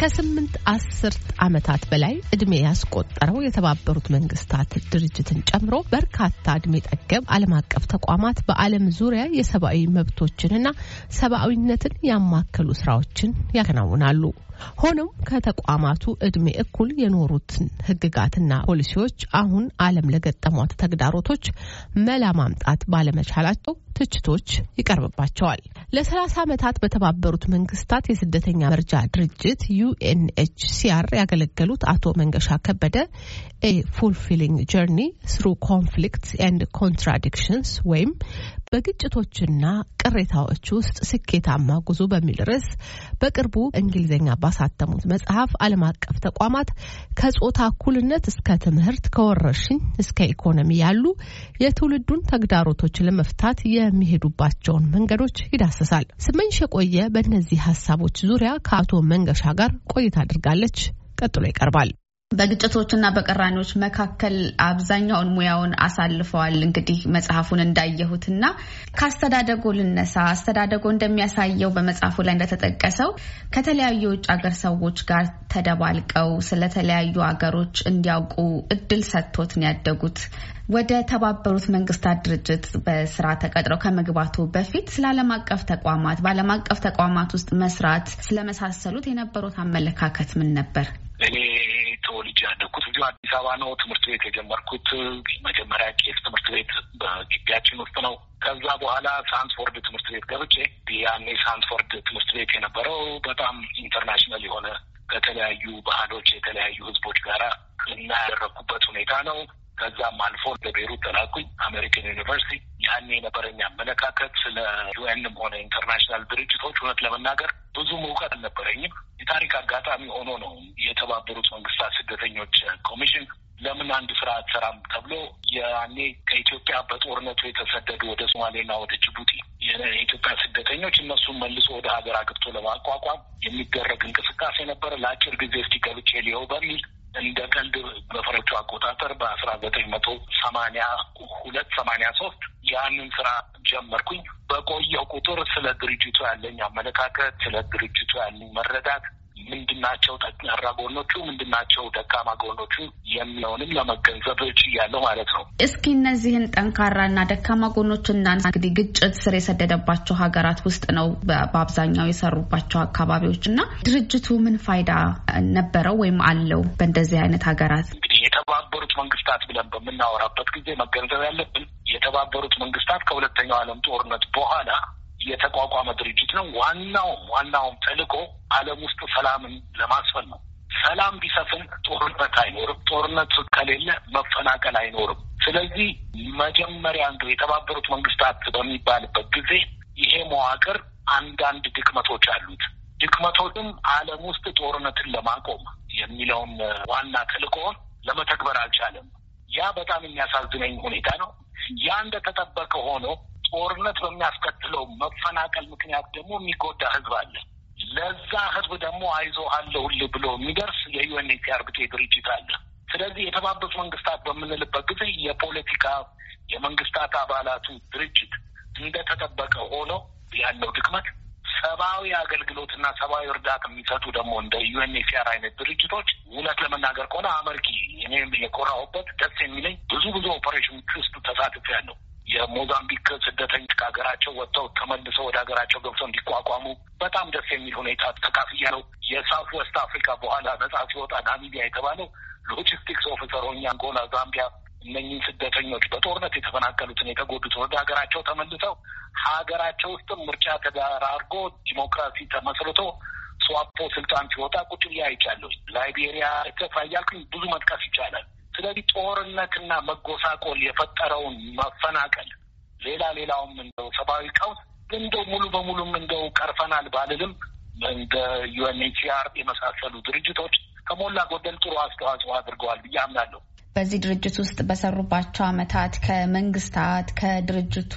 ከስምንት አስርት ዓመታት በላይ እድሜ ያስቆጠረው የተባበሩት መንግስታት ድርጅትን ጨምሮ በርካታ እድሜ ጠገብ ዓለም አቀፍ ተቋማት በዓለም ዙሪያ የሰብአዊ መብቶችንና ሰብአዊነትን ያማከሉ ስራዎችን ያከናውናሉ። ሆኖም ከተቋማቱ እድሜ እኩል የኖሩትን ህግጋትና ፖሊሲዎች አሁን ዓለም ለገጠሟት ተግዳሮቶች መላ ማምጣት ባለመቻላቸው ትችቶች ይቀርብባቸዋል። ለሰላሳ ዓመታት በተባበሩት መንግስታት የስደተኛ መርጃ ድርጅት ዩኤንኤችሲአር ያገለገሉት አቶ መንገሻ ከበደ ኤ ፉልፊሊንግ ጀርኒ ስሩ ኮንፍሊክትስ ኤንድ ኮንትራዲክሽንስ ወይም በግጭቶችና ቅሬታዎች ውስጥ ስኬታማ ጉዞ በሚል ርዕስ በቅርቡ እንግሊዝኛ ባሳተሙት መጽሐፍ ዓለም አቀፍ ተቋማት ከጾታ እኩልነት እስከ ትምህርት፣ ከወረርሽኝ እስከ ኢኮኖሚ ያሉ የትውልዱን ተግዳሮቶች ለመፍታት የሚሄዱባቸውን መንገዶች ይዳስሳል። ስመኝሽ የቆየ በእነዚህ ሀሳቦች ዙሪያ ከአቶ መንገሻ ጋር ቆይታ አድርጋለች። ቀጥሎ ይቀርባል። በግጭቶችና በቀራኔዎች መካከል አብዛኛውን ሙያውን አሳልፈዋል። እንግዲህ መጽሐፉን እንዳየሁት እንዳየሁትና ከአስተዳደጎ ልነሳ። አስተዳደጎ እንደሚያሳየው በመጽሐፉ ላይ እንደተጠቀሰው ከተለያዩ የውጭ ሀገር ሰዎች ጋር ተደባልቀው ስለተለያዩ ሀገሮች እንዲያውቁ እድል ሰጥቶት ነው ያደጉት። ወደ ተባበሩት መንግስታት ድርጅት በስራ ተቀጥረው ከመግባቱ በፊት ስለ ዓለም አቀፍ ተቋማት በዓለም አቀፍ ተቋማት ውስጥ መስራት ስለመሳሰሉት የነበሩት አመለካከት ምን ነበር? እኔ ተወልጄ ያደግኩት እዚሁ አዲስ አበባ ነው። ትምህርት ቤት የጀመርኩት መጀመሪያ ቄስ ትምህርት ቤት በግቢያችን ውስጥ ነው። ከዛ በኋላ ሳንስፎርድ ትምህርት ቤት ገብቼ ያኔ ሳንስፎርድ ትምህርት ቤት የነበረው በጣም ኢንተርናሽናል የሆነ ከተለያዩ ባህሎች የተለያዩ ህዝቦች ጋራ እና ያደረግኩበት ሁኔታ ነው። ከዛም አልፎ ለቤሩት ተላኩኝ አሜሪካን ዩኒቨርሲቲ ያኔ የነበረኝ አመለካከት ስለ ዩኤንም ሆነ ኢንተርናሽናል ድርጅቶች እውነት ለመናገር ብዙ እውቀት አልነበረኝም። የታሪክ አጋጣሚ ሆኖ ነው የተባበሩት መንግስታት ስደተኞች ኮሚሽን ለምን አንድ ስራ አትሰራም ተብሎ ያኔ ከኢትዮጵያ በጦርነቱ የተሰደዱ ወደ ሶማሌና ወደ ጅቡቲ የኢትዮጵያ ስደተኞች እነሱን መልሶ ወደ ሀገር አግብቶ ለማቋቋም የሚደረግ እንቅስቃሴ ነበረ። ለአጭር ጊዜ እስቲ ገብቼ ሊሆ በሚል እንደ ቀልድ በፈረንጆቹ አቆጣጠር በአስራ ዘጠኝ መቶ ሰማኒያ ሁለት ሰማኒያ ሶስት ያንን ስራ ጀመርኩኝ። በቆየው ቁጥር ስለ ድርጅቱ ያለኝ አመለካከት፣ ስለ ድርጅቱ ያለኝ መረዳት ምንድናቸው ጠንካራ ጎኖቹ፣ ምንድናቸው ደካማ ጎኖቹ የሚለውንም ለመገንዘብ እያለው ማለት ነው። እስኪ እነዚህን ጠንካራና ደካማ ጎኖችና እንግዲህ ግጭት ስር የሰደደባቸው ሀገራት ውስጥ ነው በአብዛኛው የሰሩባቸው አካባቢዎች እና ድርጅቱ ምን ፋይዳ ነበረው ወይም አለው በእንደዚህ አይነት ሀገራት? እንግዲህ የተባበሩት መንግስታት ብለን በምናወራበት ጊዜ መገንዘብ ያለብን የተባበሩት መንግስታት ከሁለተኛው ዓለም ጦርነት በኋላ የተቋቋመ ድርጅት ነው። ዋናውም ዋናውም ተልዕኮ ዓለም ውስጥ ሰላምን ለማስፈን ነው። ሰላም ቢሰፍን ጦርነት አይኖርም። ጦርነት ከሌለ መፈናቀል አይኖርም። ስለዚህ መጀመሪያ እንግዲህ የተባበሩት መንግስታት በሚባልበት ጊዜ ይሄ መዋቅር አንዳንድ ድክመቶች አሉት። ድክመቶችም ዓለም ውስጥ ጦርነትን ለማቆም የሚለውን ዋና ተልዕኮውን ለመተግበር አልቻለም። ያ በጣም የሚያሳዝነኝ ሁኔታ ነው። ያ እንደተጠበቀ ሆኖ ጦርነት በሚያስከትለው መፈናቀል ምክንያት ደግሞ የሚጎዳ ህዝብ አለ። ለዛ ህዝብ ደግሞ አይዞ አለሁልህ ብሎ የሚደርስ የዩኤንኤችሲአር ብጤ ድርጅት አለ። ስለዚህ የተባበሩት መንግስታት በምንልበት ጊዜ የፖለቲካ የመንግስታት አባላቱ ድርጅት እንደተጠበቀ ሆኖ ያለው ድክመት ሰብአዊ አገልግሎትና ሰብአዊ እርዳታ የሚሰጡ ደግሞ እንደ ዩኤንኤችሲአር አይነት ድርጅቶች እውነት ለመናገር ከሆነ አመርቂ እኔም የኮራሁበት ደስ የሚለኝ ብዙ ብዙ ኦፐሬሽኖች ውስጥ ያለው የሞዛምቢክ ስደተኞች ከሀገራቸው ወጥተው ተመልሰው ወደ ሀገራቸው ገብተው እንዲቋቋሙ በጣም ደስ የሚል ሁኔታ ተካፍያ ነው። የሳውት ወስት አፍሪካ በኋላ ነጻ ሲወጣ ናሚቢያ የተባለው ሎጂስቲክስ ኦፊሰር ሆኜ አንጎላ፣ ዛምቢያ እነኝን ስደተኞች በጦርነት የተፈናቀሉትን የተጎዱትን ወደ ሀገራቸው ተመልሰው ሀገራቸው ውስጥም ምርጫ ተደራርጎ ዲሞክራሲ ተመስርቶ ስዋፖ ስልጣን ሲወጣ ቁጭ ብዬ አይቻለሁ። ላይቤሪያ፣ ኤርትራ እያልኩኝ ብዙ መጥቀስ ይቻላል። ስለዚህ ጦርነትና መጎሳቆል የፈጠረውን መፈናቀል፣ ሌላ ሌላውም እንደው ሰብአዊ ቀውስ እንደው ሙሉ በሙሉም እንደው ቀርፈናል ባልልም እንደ ዩኤንኤችሲአር የመሳሰሉ ድርጅቶች ከሞላ ጎደል ጥሩ አስተዋጽኦ አድርገዋል ብዬ አምናለሁ። በዚህ ድርጅት ውስጥ በሰሩባቸው አመታት ከመንግስታት ከድርጅቱ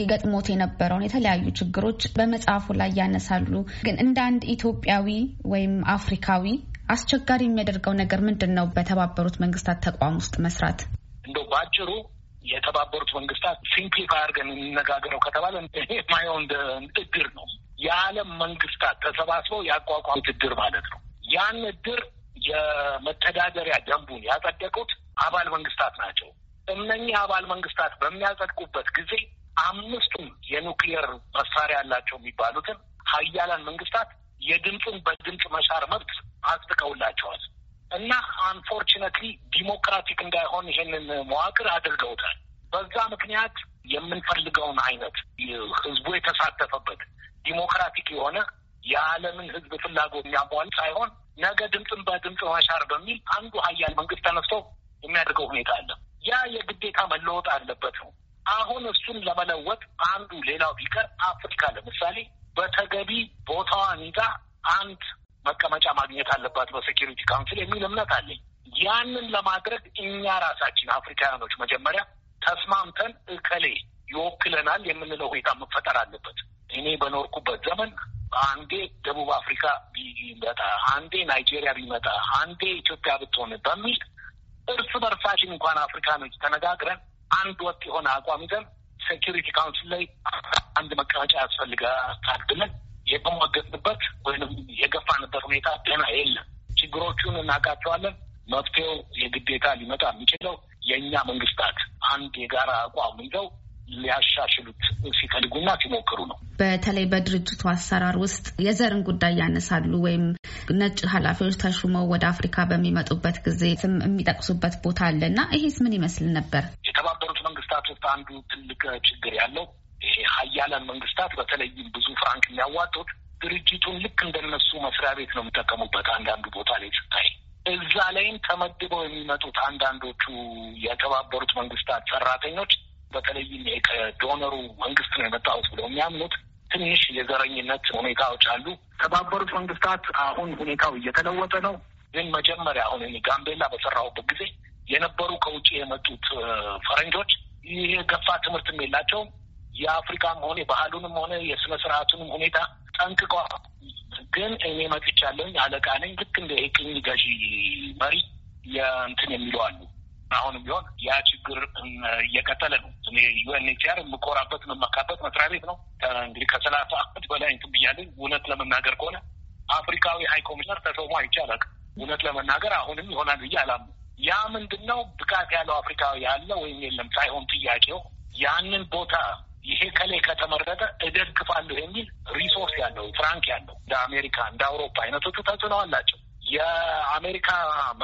ይገጥሞት የነበረውን የተለያዩ ችግሮች በመጽሐፉ ላይ ያነሳሉ። ግን እንደ አንድ ኢትዮጵያዊ ወይም አፍሪካዊ አስቸጋሪ የሚያደርገው ነገር ምንድን ነው? በተባበሩት መንግስታት ተቋም ውስጥ መስራት እንደው በአጭሩ የተባበሩት መንግስታት ሲምፕሊፋይ አድርገን የሚነጋገረው ከተባለ ማየውን እድር ነው። የዓለም መንግስታት ተሰባስበው ያቋቋሙት እድር ማለት ነው። ያን እድር የመተዳደሪያ ደንቡን ያጸደቁት አባል መንግስታት ናቸው። እነኚህ አባል መንግስታት በሚያጸድቁበት ጊዜ አምስቱም የኑክሊየር መሳሪያ ያላቸው የሚባሉትን ሀያላን መንግስታት የድምፁን በድምፅ መሻር መብት አጽድቀውላቸዋል እና አንፎርችነትሊ ዲሞክራቲክ እንዳይሆን ይሄንን መዋቅር አድርገውታል። በዛ ምክንያት የምንፈልገውን አይነት ህዝቡ የተሳተፈበት ዲሞክራቲክ የሆነ የዓለምን ህዝብ ፍላጎት የሚያሟል ሳይሆን ነገ ድምፅን በድምፅ መሻር በሚል አንዱ ሀያል መንግስት ተነስቶ የሚያደርገው ሁኔታ አለ። ያ የግዴታ መለወጥ አለበት ነው። አሁን እሱን ለመለወጥ አንዱ ሌላው ቢቀር አፍሪካ ለምሳሌ በተገቢ ቦታዋን ይዛ አንድ መቀመጫ ማግኘት አለባት በሴኪሪቲ ካውንስል የሚል እምነት አለኝ። ያንን ለማድረግ እኛ ራሳችን አፍሪካውያኖች መጀመሪያ ተስማምተን እከሌ ይወክለናል የምንለው ሁኔታ መፈጠር አለበት። እኔ በኖርኩበት ዘመን አንዴ ደቡብ አፍሪካ ቢመጣ፣ አንዴ ናይጄሪያ ቢመጣ፣ አንዴ ኢትዮጵያ ብትሆን በሚል እርስ በርሳችን እንኳን አፍሪካኖች ተነጋግረን አንድ ወጥ የሆነ አቋም ይዘን ሴኪሪቲ ካውንስል ላይ አንድ መቀመጫ ያስፈልጋል ብለን የተሟገጥንበት ወይም የገፋንበት ሁኔታ ጤና የለም። ችግሮቹን እናውቃቸዋለን። መፍትሄው የግዴታ ሊመጣ የሚችለው የእኛ መንግስታት አንድ የጋራ አቋም ይዘው ሊያሻሽሉት ሲፈልጉና ሲሞክሩ ነው። በተለይ በድርጅቱ አሰራር ውስጥ የዘርን ጉዳይ ያነሳሉ ወይም ነጭ ኃላፊዎች ተሹመው ወደ አፍሪካ በሚመጡበት ጊዜ ስም የሚጠቅሱበት ቦታ አለ እና ይሄስ ምን ይመስል ነበር? የተባበሩ ከመምጣት አንዱ ትልቅ ችግር ያለው ይሄ ሀያላን መንግስታት በተለይም ብዙ ፍራንክ የሚያዋጡት ድርጅቱን ልክ እንደነሱ መስሪያ ቤት ነው የሚጠቀሙበት። አንዳንዱ ቦታ ላይ ስታይ እዛ ላይም ተመድበው የሚመጡት አንዳንዶቹ የተባበሩት መንግስታት ሰራተኞች በተለይም ከዶነሩ መንግስት ነው የመጣሁት ብለው የሚያምኑት ትንሽ የዘረኝነት ሁኔታዎች አሉ። የተባበሩት መንግስታት አሁን ሁኔታው እየተለወጠ ነው። ግን መጀመሪያ አሁን ጋምቤላ በሰራሁበት ጊዜ የነበሩ ከውጭ የመጡት ፈረንጆች ይህ የገፋ ትምህርትም የላቸውም። የአፍሪካም ሆነ የባህሉንም ሆነ የስነ ስርዓቱንም ሁኔታ ጠንቅቋ ግን እኔ መጥቻለኝ አለቃ ነኝ ልክ እንደ ቅኝ ገዢ መሪ የእንትን የሚለው አሉ። አሁንም ቢሆን ያ ችግር እየቀጠለ ነው። እኔ ዩኤንኤችሲአር የምኮራበት የምመካበት መስሪያ ቤት ነው። እንግዲህ ከሰላሳ አመት በላይ እንትን ብያለኝ። እውነት ለመናገር ከሆነ አፍሪካዊ ሀይ ኮሚሽነር ተሾሞ አይቼ አላውቅም። እውነት ለመናገር አሁንም ይሆናል ብዬ አላምንም። ያ ምንድን ነው ብቃት ያለው አፍሪካዊ ያለ ወይም የለም ሳይሆን ጥያቄው ያንን ቦታ ይሄ ከላይ ከተመረጠ እደግፋለሁ የሚል ሪሶርስ ያለው ፍራንክ ያለው እንደ አሜሪካ እንደ አውሮፓ አይነቶቹ ተጽዕኖ አላቸው። የአሜሪካ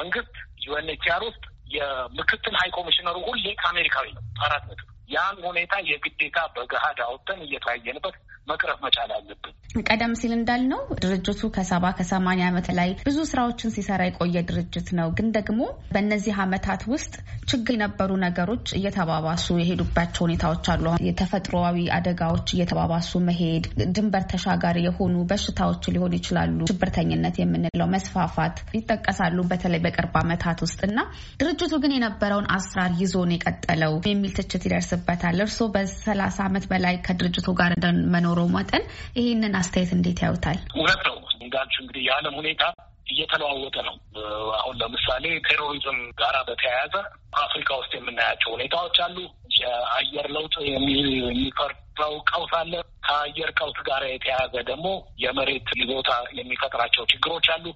መንግስት ዩኤንኤችሲአር ውስጥ የምክትል ሀይ ኮሚሽነሩ ሁሌ አሜሪካዊ ነው። አራት ነጥብ ያን ሁኔታ የግዴታ በገሃድ አውጥተን እየተያየንበት መቅረፍ መቻል አለብን። ቀደም ሲል እንዳልነው ድርጅቱ ከሰባ ከሰማንያ ዓመት ላይ ብዙ ስራዎችን ሲሰራ የቆየ ድርጅት ነው። ግን ደግሞ በእነዚህ አመታት ውስጥ ችግር የነበሩ ነገሮች እየተባባሱ የሄዱባቸው ሁኔታዎች አሉ። የተፈጥሮዊ አደጋዎች እየተባባሱ መሄድ፣ ድንበር ተሻጋሪ የሆኑ በሽታዎች ሊሆኑ ይችላሉ። ሽብርተኝነት የምንለው መስፋፋት ይጠቀሳሉ፣ በተለይ በቅርብ ዓመታት ውስጥ እና ድርጅቱ ግን የነበረውን አስራር ይዞን የቀጠለው የሚል ትችት ይደርስበታል። እርስዎ በሰላሳ ዓመት በላይ ከድርጅቱ ጋር መኖሩ በሚኖረው መጠን ይህንን አስተያየት እንዴት ያውታል? እውነት ነው እንዳልችሁ እንግዲህ የዓለም ሁኔታ እየተለዋወጠ ነው። አሁን ለምሳሌ ቴሮሪዝም ጋራ በተያያዘ አፍሪካ ውስጥ የምናያቸው ሁኔታዎች አሉ። የአየር ለውጥ የሚፈጥረው ቀውስ አለ። ከአየር ቀውስ ጋር የተያያዘ ደግሞ የመሬት ይዞታ የሚፈጥራቸው ችግሮች አሉ።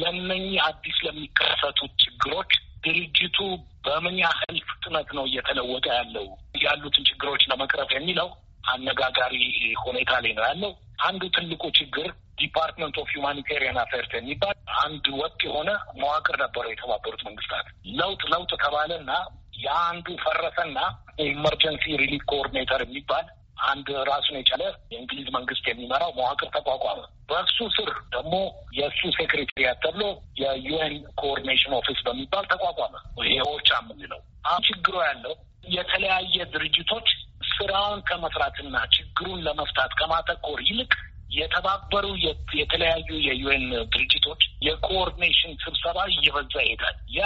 ለነኚህ አዲስ ለሚከሰቱት ችግሮች ድርጅቱ በምን ያህል ፍጥነት ነው እየተለወጠ ያለው ያሉትን ችግሮች ለመቅረፍ የሚለው አነጋጋሪ ሁኔታ ላይ ነው ያለው። አንዱ ትልቁ ችግር ዲፓርትመንት ኦፍ ሁማኒቴሪያን አፌርስ የሚባል አንድ ወጥ የሆነ መዋቅር ነበረው የተባበሩት መንግስታት። ለውጥ ለውጥ ተባለና የአንዱ ፈረሰና ኢመርጀንሲ ሪሊፍ ኮኦርዲኔተር የሚባል አንድ ራሱን የቻለ የእንግሊዝ መንግስት የሚመራው መዋቅር ተቋቋመ። በእሱ ስር ደግሞ የእሱ ሴክሬታሪያት ተብሎ የዩኤን ኮኦርዲኔሽን ኦፊስ በሚባል ተቋቋመ። ይሄ ኦቻ የምንለው አሁን ችግሩ ያለው የተለያየ ድርጅቶች ስራውን ከመስራትና ችግሩን ለመፍታት ከማተኮር ይልቅ የተባበሩ የተለያዩ የዩኤን ድርጅቶች የኮኦርዲኔሽን ስብሰባ እየበዛ ይሄዳል። ያ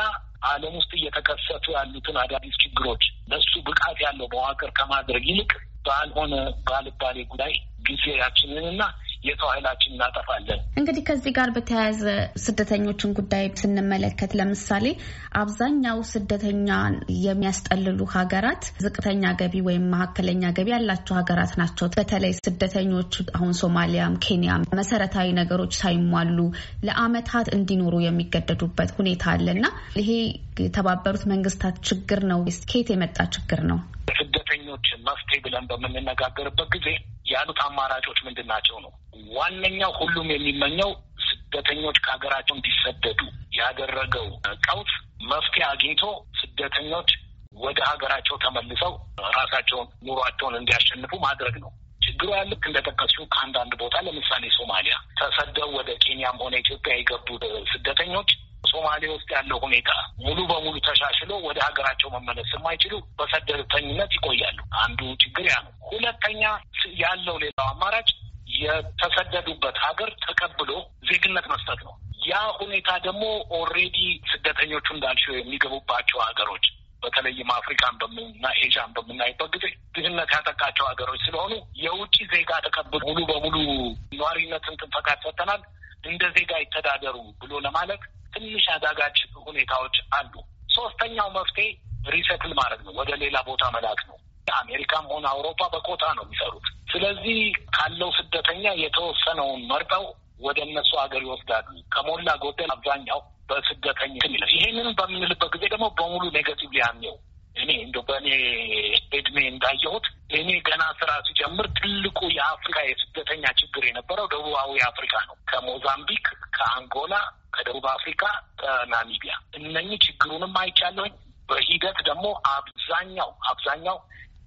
ዓለም ውስጥ እየተከሰቱ ያሉትን አዳዲስ ችግሮች ለሱ ብቃት ያለው መዋቅር ከማድረግ ይልቅ ባልሆነ ባልባሌ ጉዳይ ጊዜያችንንና የሰው ኃይላችን እናጠፋለን። እንግዲህ ከዚህ ጋር በተያያዘ ስደተኞችን ጉዳይ ስንመለከት ለምሳሌ አብዛኛው ስደተኛ የሚያስጠልሉ ሀገራት ዝቅተኛ ገቢ ወይም መካከለኛ ገቢ ያላቸው ሀገራት ናቸው። በተለይ ስደተኞች አሁን ሶማሊያም፣ ኬንያም መሰረታዊ ነገሮች ሳይሟሉ ለአመታት እንዲኖሩ የሚገደዱበት ሁኔታ አለ እና ይሄ የተባበሩት መንግስታት ችግር ነው ስኬት የመጣ ችግር ነው? አማራጮችን መፍትሄ ብለን በምንነጋገርበት ጊዜ ያሉት አማራጮች ምንድን ናቸው ነው። ዋነኛው ሁሉም የሚመኘው ስደተኞች ከሀገራቸው እንዲሰደዱ ያደረገው ቀውስ መፍትሄ አግኝቶ ስደተኞች ወደ ሀገራቸው ተመልሰው ራሳቸውን ኑሯቸውን እንዲያሸንፉ ማድረግ ነው። ችግሩ ያልክ ልክ እንደጠቀሱ ከአንዳንድ ቦታ ለምሳሌ ሶማሊያ ተሰደው ወደ ኬንያም ሆነ ኢትዮጵያ የገቡ ስደተኞች ሶማሌ ውስጥ ያለው ሁኔታ ሙሉ በሙሉ ተሻሽሎ ወደ ሀገራቸው መመለስ የማይችሉ በስደተኝነት ይቆያሉ። አንዱ ችግር ያ ነው። ሁለተኛ ያለው ሌላው አማራጭ የተሰደዱበት ሀገር ተቀብሎ ዜግነት መስጠት ነው። ያ ሁኔታ ደግሞ ኦልሬዲ ስደተኞቹ እንዳልሽው የሚገቡባቸው ሀገሮች በተለይም አፍሪካን በምና ኤዥያን በምናይበት ጊዜ ድህነት ያጠቃቸው ሀገሮች ስለሆኑ የውጭ ዜጋ ተቀብሎ ሙሉ በሙሉ ነዋሪነትን ፈቃድ ሰጥተናል እንደ ዜጋ ይተዳደሩ ብሎ ለማለት ትንሽ አዳጋች ሁኔታዎች አሉ። ሶስተኛው መፍትሄ ሪሰትል ማድረግ ነው፣ ወደ ሌላ ቦታ መላክ ነው። አሜሪካም ሆነ አውሮፓ በኮታ ነው የሚሰሩት። ስለዚህ ካለው ስደተኛ የተወሰነውን መርጠው ወደ እነሱ ሀገር ይወስዳሉ። ከሞላ ጎደል አብዛኛው በስደተኛ ይላል። ይሄንን በምንልበት ጊዜ ደግሞ በሙሉ ኔጋቲቭ ሊያምኘው እኔ እንደ በእኔ እድሜ እንዳየሁት እኔ ገና ስራ ሲጀምር ትልቁ የአፍሪካ የስደተኛ ችግር የነበረው ደቡባዊ አፍሪካ ነው። ከሞዛምቢክ፣ ከአንጎላ፣ ከደቡብ አፍሪካ፣ ከናሚቢያ እነኚህ ችግሩንም አይቻለሁኝ። በሂደት ደግሞ አብዛኛው አብዛኛው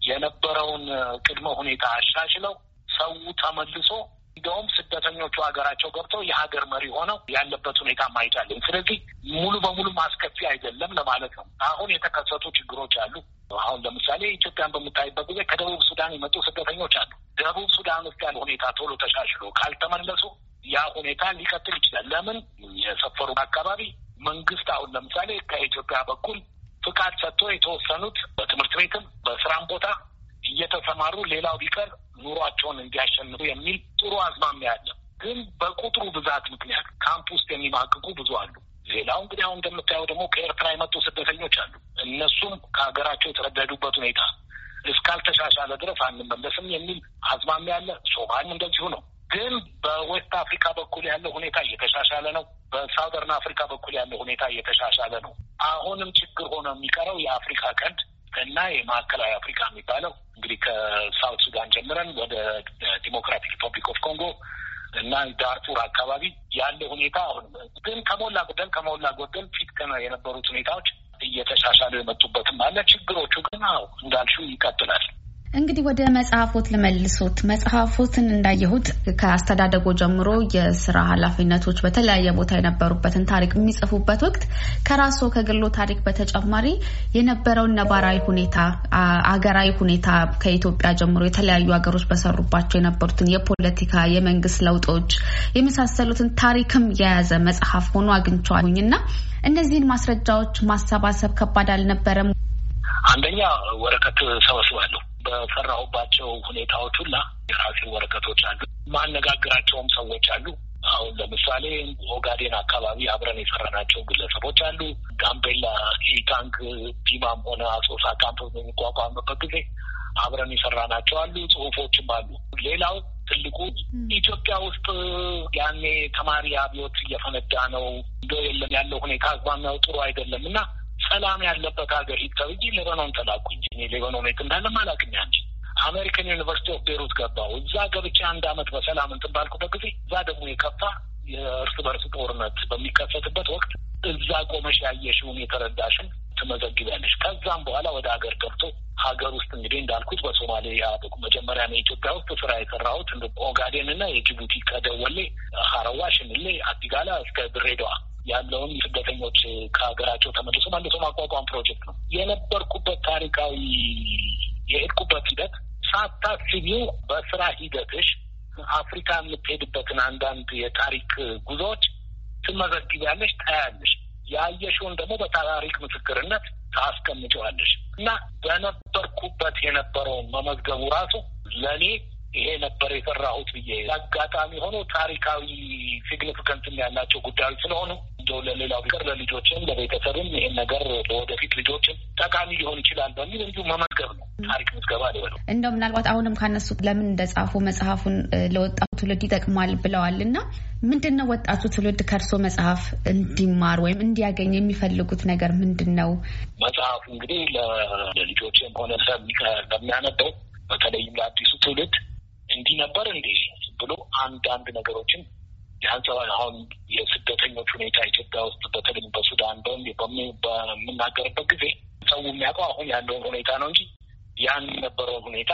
የነበረውን ቅድመ ሁኔታ አሻሽለው ሰው ተመልሶ እንዲያውም ስደተኞቹ ሀገራቸው ገብተው የሀገር መሪ ሆነው ያለበት ሁኔታ ማይታለኝ። ስለዚህ ሙሉ በሙሉ ማስከፊ አይደለም ለማለት ነው። አሁን የተከሰቱ ችግሮች አሉ። አሁን ለምሳሌ ኢትዮጵያን በምታይበት ጊዜ ከደቡብ ሱዳን የመጡ ስደተኞች አሉ። ደቡብ ሱዳን ውስጥ ያለ ሁኔታ ቶሎ ተሻሽሎ ካልተመለሱ ያ ሁኔታ ሊቀጥል ይችላል። ለምን የሰፈሩ አካባቢ መንግስት አሁን ለምሳሌ ከኢትዮጵያ በኩል ፍቃድ ሰጥቶ የተወሰኑት በትምህርት ቤትም በስራም ቦታ እየተሰማሩ ሌላው ቢቀር ኑሯቸውን እንዲያሸንፉ የሚል ጥሩ አዝማሚያ አለ ግን በቁጥሩ ብዛት ምክንያት ካምፕ ውስጥ የሚማቅቁ ብዙ አሉ። ሌላው እንግዲህ አሁን እንደምታየው ደግሞ ከኤርትራ የመጡ ስደተኞች አሉ። እነሱም ከሀገራቸው የተረደዱበት ሁኔታ እስካልተሻሻለ ድረስ አንመለስም የሚል አዝማሚያ ያለ። ሶማሊም እንደዚሁ ነው። ግን በዌስት አፍሪካ በኩል ያለው ሁኔታ እየተሻሻለ ነው። በሳውዘርን አፍሪካ በኩል ያለው ሁኔታ እየተሻሻለ ነው። አሁንም ችግር ሆኖ የሚቀረው የአፍሪካ ቀንድ እና የማዕከላዊ አፍሪካ የሚባለው እንግዲህ ከሳውት ሱዳን ጀምረን ወደ ዲሞክራቲክ ሪፐብሊክ ኦፍ ኮንጎ እና ዳርፉር አካባቢ ያለ ሁኔታ አሁን ግን ከሞላ ጎደል ከሞላ ጎደል ፊት የነበሩት ሁኔታዎች እየተሻሻሉ የመጡበትም አለ። ችግሮቹ ግን አዎ እንዳልሹ ይቀጥላል። እንግዲህ ወደ መጽሐፎት ልመልሶት። መጽሐፎትን እንዳየሁት ከአስተዳደጎ ጀምሮ የስራ ኃላፊነቶች በተለያየ ቦታ የነበሩበትን ታሪክ የሚጽፉበት ወቅት ከራስዎ ከግሎ ታሪክ በተጨማሪ የነበረውን ነባራዊ ሁኔታ፣ አገራዊ ሁኔታ ከኢትዮጵያ ጀምሮ የተለያዩ ሀገሮች በሰሩባቸው የነበሩትን የፖለቲካ፣ የመንግስት ለውጦች የመሳሰሉትን ታሪክም የያዘ መጽሐፍ ሆኖ አግኝቼዋለሁኝ እና እነዚህን ማስረጃዎች ማሰባሰብ ከባድ አልነበረም? አንደኛ ወረቀት ሰበስባለሁ በፈራሁባቸው ሁኔታዎች ሁላ የራሴ ወረቀቶች አሉ። ማነጋግራቸውም ሰዎች አሉ። አሁን ለምሳሌ ኦጋዴን አካባቢ አብረን የሰራናቸው ግለሰቦች አሉ። ጋምቤላ ኢታንክ ዲማም ሆነ አሶሳ ካምፕ በሚቋቋምበት ጊዜ አብረን የሰራናቸው አሉ። ጽሁፎችም አሉ። ሌላው ትልቁ ኢትዮጵያ ውስጥ ያኔ ተማሪ አብዮት እየፈነዳ ነው እንደ የለም ያለው ሁኔታ አዝማሚያው ጥሩ አይደለም እና ሰላም ያለበት ሀገር ሂድ ብዬ ሌባኖን ተላኩኝ። እኔ ሌባኖን የት እንዳለም አላውቅም። ያንቺ አሜሪካን ዩኒቨርሲቲ ኦፍ ቤሩት ገባሁ። እዛ ገብቼ አንድ አመት በሰላም እንትን ባልኩበት ጊዜ እዛ ደግሞ የከፋ የእርስ በርስ ጦርነት በሚከሰትበት ወቅት እዛ ቆመሽ ያየሽውን የተረዳሽን ትመዘግቢያለሽ። ከዛም በኋላ ወደ ሀገር ገብቶ ሀገር ውስጥ እንግዲህ እንዳልኩት በሶማሌ ያበቁ መጀመሪያ ነው ኢትዮጵያ ውስጥ ስራ የሰራሁት ኦጋዴን እና የጅቡቲ ከደወሌ ሀረዋ፣ ሽንሌ፣ አዲጋላ እስከ ድሬዳዋ ያለውን ስደተኞች ከሀገራቸው ተመልሶ መልሶ ማቋቋም ፕሮጀክት ነው። የነበርኩበት ታሪካዊ የሄድኩበት ሂደት ሳታስቢው በስራ ሂደትሽ አፍሪካ የምትሄድበትን አንዳንድ የታሪክ ጉዞዎች ትመዘግቢያለሽ፣ ታያለሽ። ያየሽውን ደግሞ በታሪክ ምስክርነት ታስቀምጨዋለሽ እና በነበርኩበት የነበረውን መመዝገቡ ራሱ ለእኔ ይሄ ነበር የሰራሁት ብዬ አጋጣሚ ሆኖ ታሪካዊ ሲግኒፊካንት ያላቸው ጉዳዮች ስለሆኑ እንደው ለሌላው ቢቀር ለልጆችም ለቤተሰብም ይህን ነገር ለወደፊት ልጆችም ጠቃሚ ሊሆን ይችላል በሚል እንዲሁ መመዝገብ ነው። ታሪክ ምዝገባ ሊበሉ እንደው ምናልባት አሁንም ካነሱ ለምን እንደጻፉ መጽሐፉን ለወጣቱ ትውልድ ይጠቅማል ብለዋል እና ምንድን ነው ወጣቱ ትውልድ ከእርሶ መጽሐፍ እንዲማር ወይም እንዲያገኝ የሚፈልጉት ነገር ምንድን ነው? መጽሐፉ እንግዲህ ለልጆችም ሆነ ለሚያነበው በተለይም ለአዲሱ ትውልድ እንዲህ ነበር እንዴ ብሎ አንዳንድ ነገሮችን የአንጸባ አሁን የስደተኞች ሁኔታ ኢትዮጵያ ውስጥ በተለይ በሱዳን በምናገርበት ጊዜ ሰው የሚያውቀው አሁን ያለውን ሁኔታ ነው እንጂ ያን የነበረውን ሁኔታ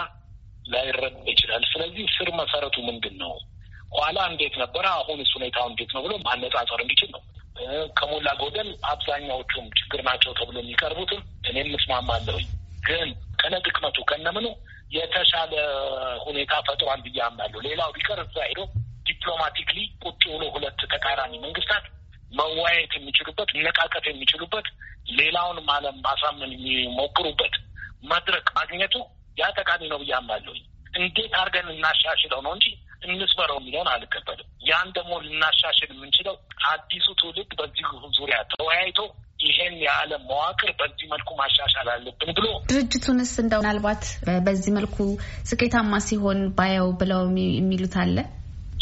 ላይረዳ ይችላል። ስለዚህ ስር መሰረቱ ምንድን ነው፣ ኋላ እንዴት ነበረ፣ አሁን እሱ ሁኔታው እንዴት ነው ብሎ ማነጻጸር እንዲችል ነው። ከሞላ ጎደል አብዛኛዎቹም ችግር ናቸው ተብሎ የሚቀርቡትም እኔም እስማማለሁኝ። ግን ከነ ድክመቱ ከነምኑ የተሻለ ሁኔታ ፈጥሯል ብዬ አምናለሁ። ሌላው ቢቀር እዛ ሄዶ ዲፕሎማቲክሊ ቁጭ ብሎ ሁለት ተቃራኒ መንግስታት መወያየት የሚችሉበት መነቃቀፍ የሚችሉበት ሌላውንም ዓለም ማሳመን የሚሞክሩበት መድረክ ማግኘቱ ያ ጠቃሚ ነው ብዬ አምናለሁ። እንዴት አድርገን እናሻሽለው ነው እንጂ እንስበረው የሚለውን አልቀበልም። ያን ደግሞ ልናሻሽል የምንችለው አዲሱ ትውልድ በዚህ ዙሪያ ተወያይቶ ይሄን የዓለም መዋቅር በዚህ መልኩ ማሻሻል አለብን ብሎ ድርጅቱንስ እንደው ምናልባት በዚህ መልኩ ስኬታማ ሲሆን ባየው ብለው የሚሉት አለ።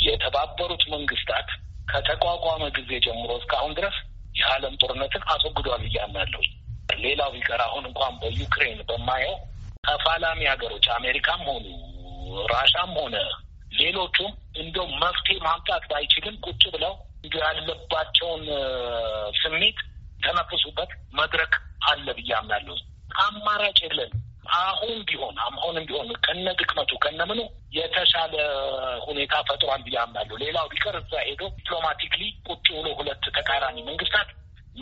የተባበሩት መንግስታት ከተቋቋመ ጊዜ ጀምሮ እስካሁን ድረስ የዓለም ጦርነትን አስወግዷል እያምናለሁ። ሌላው ቢቀር አሁን እንኳን በዩክሬን በማየው ተፋላሚ ሀገሮች አሜሪካም ሆኑ ራሻም ሆነ ሌሎቹም እንደው መፍትሄ ማምጣት ባይችልም ቁጭ ብለው እንዲህ ያለባቸውን ስሜት የሚተነፍሱበት መድረክ አለ ብዬ አምናለሁ። አማራጭ የለን። አሁን ቢሆን አሁንም ቢሆን ከነ ድክመቱ ከነምኑ የተሻለ ሁኔታ ፈጥሯል ብዬ አምናለሁ። ሌላው ቢቀር እዛ ሄዶ ዲፕሎማቲክሊ ቁጭ ብሎ ሁለት ተቃራኒ መንግስታት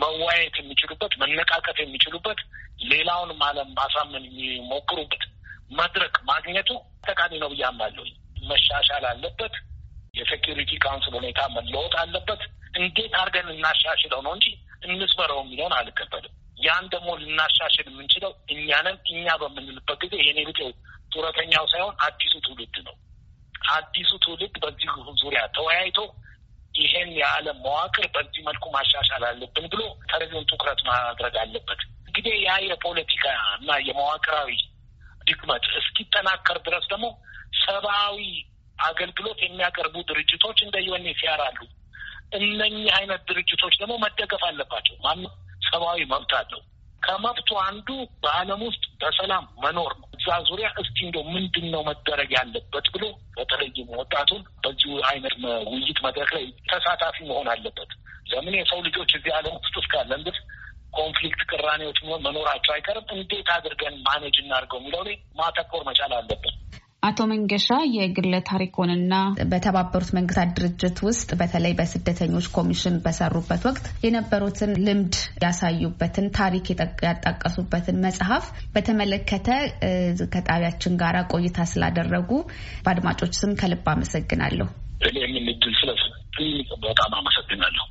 መወያየት የሚችሉበት መነቃቀፍ የሚችሉበት ሌላውንም ዓለም ማሳመን የሚሞክሩበት መድረክ ማግኘቱ ጠቃሚ ነው ብዬ አምናለሁ። መሻሻል አለበት። የሴኪሪቲ ካውንስል ሁኔታ መለወጥ አለበት። እንዴት አድርገን እናሻሽለው ነው እንጂ እንስበረው የሚለውን አልቀበልም። ያን ደግሞ ልናሻሽል የምንችለው እኛንም እኛ በምንልበት ጊዜ የኔ ብጤው ጡረተኛው ሳይሆን አዲሱ ትውልድ ነው። አዲሱ ትውልድ በዚህ ዙሪያ ተወያይቶ ይሄን የዓለም መዋቅር በዚህ መልኩ ማሻሻል አለብን ብሎ ተገቢውን ትኩረት ማድረግ አለበት። እንግዲህ ያ የፖለቲካ እና የመዋቅራዊ ድክመት እስኪጠናከር ድረስ ደግሞ ሰብአዊ አገልግሎት የሚያቀርቡ ድርጅቶች እንደ ዩኤንኤችሲአር አሉ። እነኚህ አይነት ድርጅቶች ደግሞ መደገፍ አለባቸው። ማን ሰብአዊ መብት አለው። ከመብቱ አንዱ በዓለም ውስጥ በሰላም መኖር ነው። እዛ ዙሪያ እስቲ እንደው ምንድን ነው መደረግ ያለበት ብሎ በተለይም ወጣቱን በዚሁ አይነት ውይይት መድረክ ላይ ተሳታፊ መሆን አለበት። ለምን የሰው ልጆች እዚህ ዓለም ውስጥ እስካለን ድረስ ኮንፍሊክት፣ ቅራኔዎች መኖራቸው አይቀርም። እንዴት አድርገን ማኔጅ እናድርገው የሚለው ላይ ማተኮር መቻል አለበት። አቶ መንገሻ የግለ ታሪኮንና በተባበሩት መንግስታት ድርጅት ውስጥ በተለይ በስደተኞች ኮሚሽን በሰሩበት ወቅት የነበሩትን ልምድ ያሳዩበትን ታሪክ ያጣቀሱበትን መጽሐፍ በተመለከተ ከጣቢያችን ጋር ቆይታ ስላደረጉ በአድማጮች ስም ከልብ አመሰግናለሁ። እኔ የምንድል ስለስ በጣም አመሰግናለሁ።